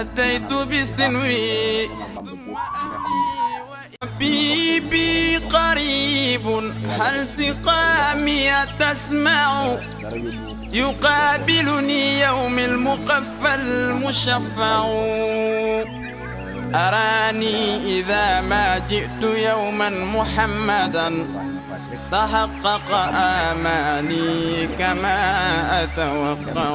أتيت بسنوي حبيبي قريب هل سقامي تسمع يقابلني يوم المقفى المشفع أراني إذا ما جئت يوما محمدا تحقق آمالي كما أتوقع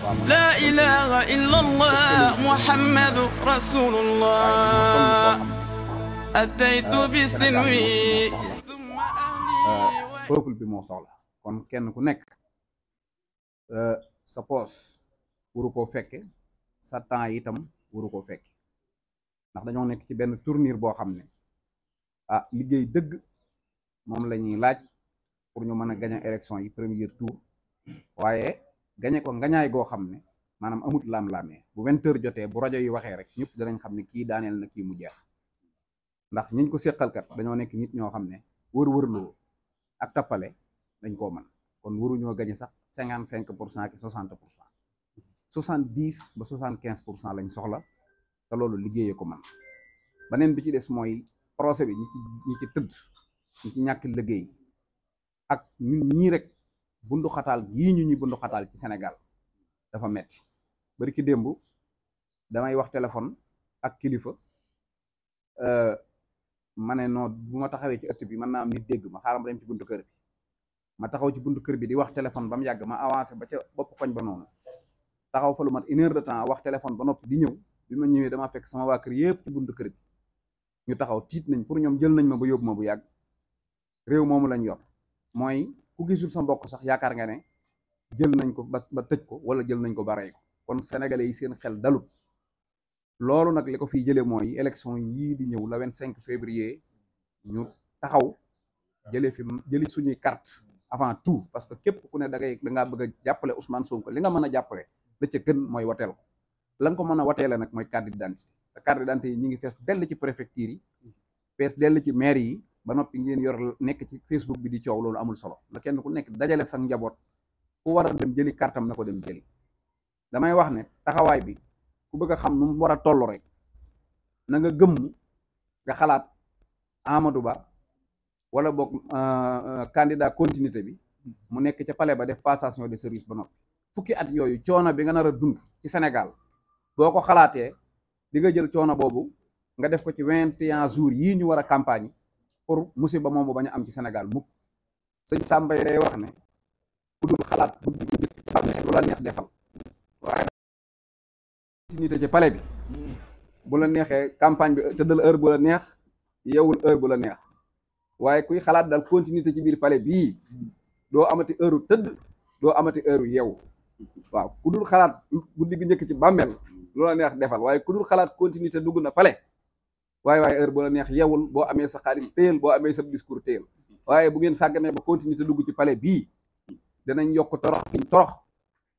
لا إله إلا الله محمد رسول الله أتيت بالسنوي bi moo soxla kon kenn ku nekk euh, sa poos waru koo fekke sa temps itam waru koo fekke ndax dañoo nekk ci benn tournir boo xam ne ah liggéey dëgg moom la ñuy laaj pour ñu mën a gañe élection yi premier tour waaye gañe ko ngañaay goo xam ne maanaam amut laam-laamee bu vingt heures jotee bu rajo yi waxee rek ñëpp danañ xam ne kii daaneel na kii mu jeex ndax ñiñ ko séqalkat dañoo nekk nit ñoo xam ne wër-wërloo ak tappale dañ koo man kon waruñoo gañe sax cinquante cinq pour cent ak soixante pour cent soixante dix ba soixante quinze pour cent lañ soxla te loolu liggéeyee ko man beneen bi ci des mooy procès bi ñi ci ñi ci tëdd ñi ci ñàkk liggéey ak ñun ñii rek bundu xataal gii ñu ñuy bunduxataal ci senegal dafa metti bari ki démb damay wax téléphone ak kilifa euh, ma ne non bu ma taxawee ci ëtt bi mën naa am nit dégg ma xaaral ma dem ci buntu kër bi ma taxaw ci buntu kër bi di wax téléphone ba mu yàgg ma avancé ba ca bopp koñ ba noonu taxaw fa lu mat de temps wax téléphone ba noppi di ñëw bi ma ñëwee dama fekk sama waa kër yëpp ci buntu kër bi ñu taxaw tiit nañ pour ñoom jël nañ ma ba yóbbu ma bu yàgg réew moomu lañ yor mooy ku gisul sa mbokk sax yaakaar nga ne jël nañ ko ba tëj ko wala jël nañ ko ba rey ko kon sénégalais yi seen xel dalut loolu nag li ko fiy jëlee mooy élection yii di ñëw la cinq février ñu taxaw jëlee fi jëli suñuy carte avant tout parce que képp ku ne da ngay da ngaa bëgg a jàppale Ousmane Sonko li nga mën a jàppale la ca gën mooy wateel ko la ko mën a wateele nag mooy carte d'identité te carte d'identité yi ñu ngi fees dell ci préfecture yi fees dell ci yi ba noppi ngeen yor nekk ci Facebook bi di coow loolu amul solo la kenn ku nekk dajale sa njaboot ku war dem jëli kartam na ko dem jëli damay wax ne taxawaay bi ku bëgg a xam nu mu war a toll rek na nga gëmm nga xalaat Amadou Ba wala boog euh, euh, candidat continuité bi mu nekk ca palais ba def passation de service ba noppi fukki at yooyu coono bi nga nar a dund ci Sénégal boo ko xalaatee di nga jël coono boobu nga def ko ci vingt et un jours yii ñu war a campagne pour musiba moomu bañ am ci Sénégal mukk sëñ Samba wax ne ku xalaat bu njëkk ci ci nit bi bu la neexee campagne bi tëddal heure bu la neex yeewul heure bu la neex waaye kuy xalaat dal continuité ci biir pale bii doo amati heure tëdd doo amati heure u yeewu waaw ku dul xalaat guddi gi njëkk ci bàmmeel lu la neex defal waaye ku dul xalaat continuité dugg na pale waaye waaye heure boo la neex yewul boo amee sa xaalis téyel boo amee sa discours téyel waaye bu ngeen sàgganee ba continuer te dugg ci palais bii danañ yokk torox giñ torox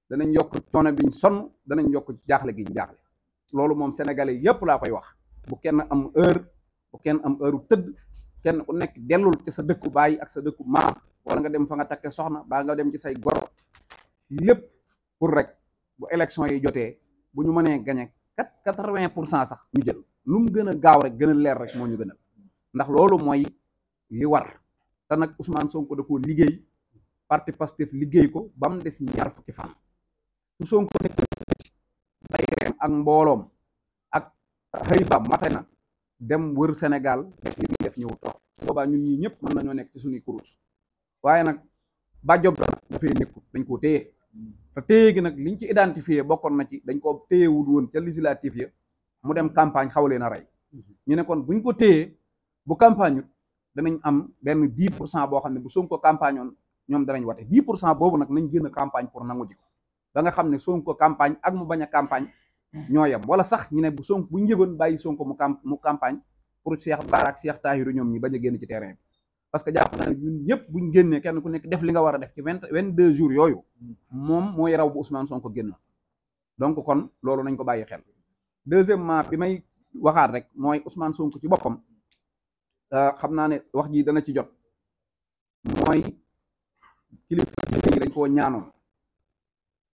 danañ yokk coono biñ sonn danañ yokk jaaxle giñ jaaxle loolu moom sénégalais yépp laa koy wax bu kenn am heure bu kenn am heure tëdd kenn ku nekk dellul ci sa dëkku baay ak sa dëkku maam wala nga dem fa nga takke soxna baa nga dem ci say goro lépp pour rek bu élection yi jotee bu ñu mënee gañe quatre quatre-vingt pour cent sax ñu jël lu mu gën a gaaw rek gën a leer rek moo ñu gënal ndax loolu mooy li war te nag Ousmane Sonko da ko liggéey parti Pastef liggéey ko bam mu des ñaar fukki fan su Sonko nekk bayreem ak mbooloom ak xëy ba mate na dem wër Sénégal def li def ñëw ñun ñii ñëpp mën nañoo nekk ci suñuy kurus waaye nag bàjjob la dafay nekkut dañ koo téye te téye gi nag liñ ci identifier bokkoon na ci dañ ko téyewul woon ca législatif ya mu dem campagne xaw leen a rey mhm. ñu ne kon buñ ko téyee bu campagne danañ am benn dix pour cent boo xam ne bu Sonko campagne oon ñoom danañ wate dix pour cent boobu nag nañ génn campagne pour nangu ji ko ba nga xam ne Sonko campagne ak mu campagne ñoo yem wala sax ñu ne bu Sonko bu ñu bàyyi Sonko mu camp mu campagne pour Cheikh Bara ak Cheikh Tahirou ñoom ñi bañ a génn ci terrain bi parce que jàpp ñëpp buñ génnee kenn ku nekk def li nga war a def ci vingt vingt deux jours yooyu mm. moom mooy raw bu Ousmane Sonko génn donc kon loolu nañ ko bàyyi xel deuxièmement bi may waxaat rek mooy Ousmane sonk ci boppam euh, xam naa ne wax ji dana ci jot mooy kilifa yi dañ koo ñaanoon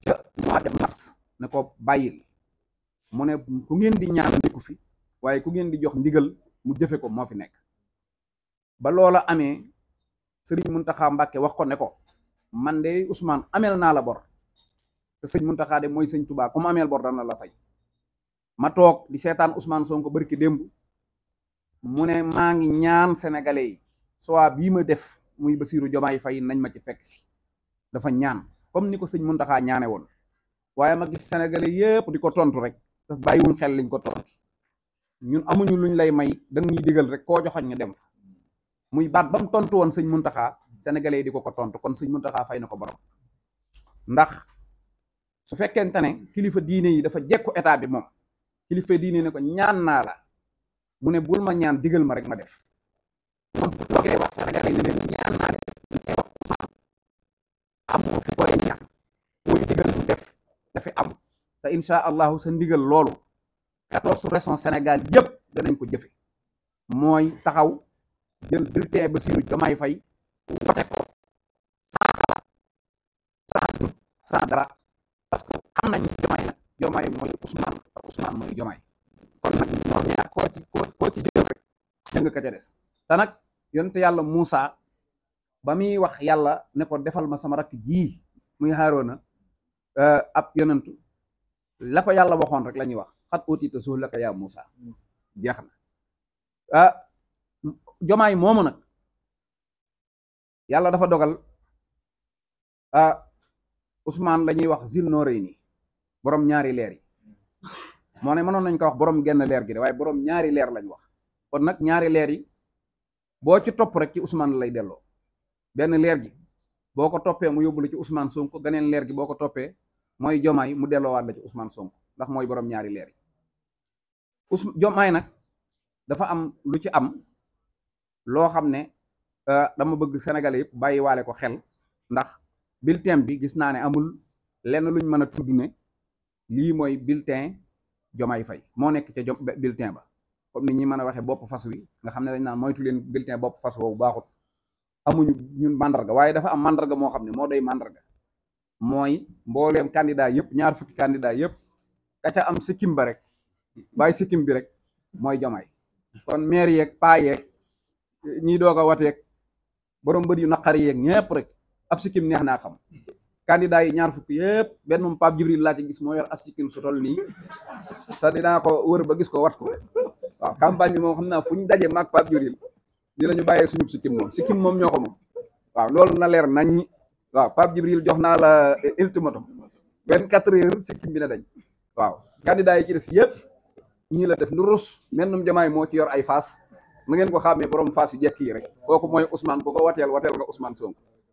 ca mois de mars ne ko bàyyil mu ne ku ngeen di ñaan nekku fi waaye ku ngeen di jox ndigal mu jëfe ko moo fi nekk ba loola amee sëriñ Muntaxa Mbàkke wax ko ne ko man de Ousmane ameel naa la bor te sëñ Muntaxa de mooy sëñ Tubaa comme ameel bor dana la fay ma toog di seetaan Ousmane ko barki démb mu ne maa ngi ñaan sénégalais yi soit bii ma def muy Bassirou Diomaye Faye nañ ma ci fekk si dafa ñaan comme ni ko sëñ Mountakha ñaane woon waaye ma gis sénégalais yëpp di ko tontu rek daf bàyyiwuñ xel liñ ko tontu ñun amuñu luñ lay may danga ñuy digal rek koo joxoñ nga dem fa muy baat ba mu tontu woon sëñ Mountakha sénégalais yi di ko ko tontu kon sëñ Mountakha fay na ko borom ndax su fekkente ne kilifa diine yi dafa jekku état bi moom. kilifa diine ne ko ñaan naa la mu ne bul ma ñaan digal ma rek ma def moom bu toogee wax Sénégalais ne leen ñaan naa ne amul fi koy ñaan muy digal mu def dafa am te incha allahu sa ndigal loolu quatorze régions Sénégal yëpp danañ ko jëfe mooy taxaw jël bulletin Bassirou Diomaye Faye wote ko sans xalaat dara parce que xam nañ Diomaye la jomaay mooy Ousmane Ousmane ci nga ka ca des te yàlla Moussa ba muy wax yàlla ne defal ma sama rakk jii muy Haaruna euh, ab yonentu la yàlla waxoon rek la ñuy wax xat utita jeex na ah jomaay moomu nag yàlla dafa dogal ah Ousmane la ñuy wax zil noorey nii borom ñaari leer yi moo ne mënoon nañ ko wax boroom genn leer gi de waaye borom ñaari leer lañ wax kon nag ñaari leer yi boo ci topp rek ci Ousmane lay delloo benn leer gi boo ko toppee mu yóbbu la ci Ousmane Sonko geneen leer gi boo ko toppee mooy jomaay mu delloowaat la ci Ousmane Sonko ndax mooy borom ñaari leer yi us jomaay nag dafa am lu ci am loo xam ne euh, dama bëgg Sénégalais yëpp bàyyiwaale ko xel ndax bulletin bi gis naa ne amul lenn luñ mën a tudd ne lii mooy bulletin Diomaye fay moo nekk ca bulletin ba comme ni ñi mën a waxee bopp fas wi nga xam ne dañ naan moytu leen bulletin bopp fas woowu baaxut amuñu ñun màndarga waaye dafa am màndarga moo xam ne moo doy mandarga mooy mbooleem candidat yëpp ñaar fukki candidat yëpp ka am sikkim ba rek bi rek mooy Diomaye kon maire yeeg paa yeeg doog a borom bët yu naqari yeeg ñëpp rek ab sikkim neex naa xam candidat yi ñaar fukk yëpp benn Pape Djibril laa ci gis moo yor astikil su toll nii te dinaa ko wër ba gis ko wat ko waaw campagne bi moom xam naa fu ñu daje maag Pape Djibril dina ñu bàyyee suñu sikkim moom sikkim moom ñoo ko moom waaw loolu na leer nañ ñi waaw Pape Djibril jox naa la eh, ultimatum vingt quatre heures sikkim bi na dañ waaw candidat yi ci des yëpp ñii la def nu rus mennum jamaay moo ci yor ay faas na ngeen ko xàmmee borom faas yu jekk yi rek kooku mooy Ousmane ko ko wateel wateel nga Ousmane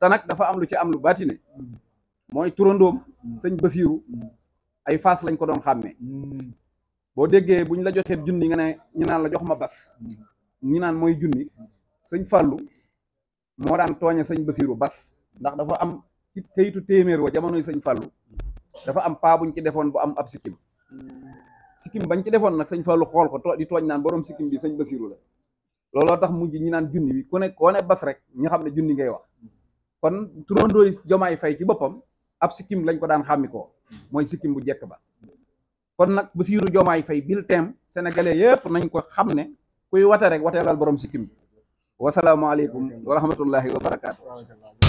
te nag dafa am lu ci am lu baatine mooy turandoom mm. sëñ Basiiru mm. ay faas lañ ko doon xàmmee mm. boo déggee bu ñu la joxee junni nga ne ñu naan la jox ma bas ñu naan mooy junni sëñ Fàllu moo daan tooñe sëñ Basiiru bas ndax dafa am ci kayitu téeméer wa jamonoy sëñ Fàllu dafa am paa buñ ci defoon bu am ab sikkim sikkim bañ ci defoon nag sëñ Fàllu xool ko di tooñ naan borom sikkim bi sëñ Basiiru la looloo tax mujj ñi naan junni bi ku ne koo ne bas rek ñi xam ne junni ngay wax kon turandooy jomaay fay ci boppam ab sikkim lañ ko daan xàmmi ko mooy sikkim bu jekk ba kon nag Bassirou fay Faye bulletin sénégalais yëpp nañ ko xam ne kuy wate rek wateelal borom sikkim bi wasalaamualeykum wa rahmatullahi wa barakaatu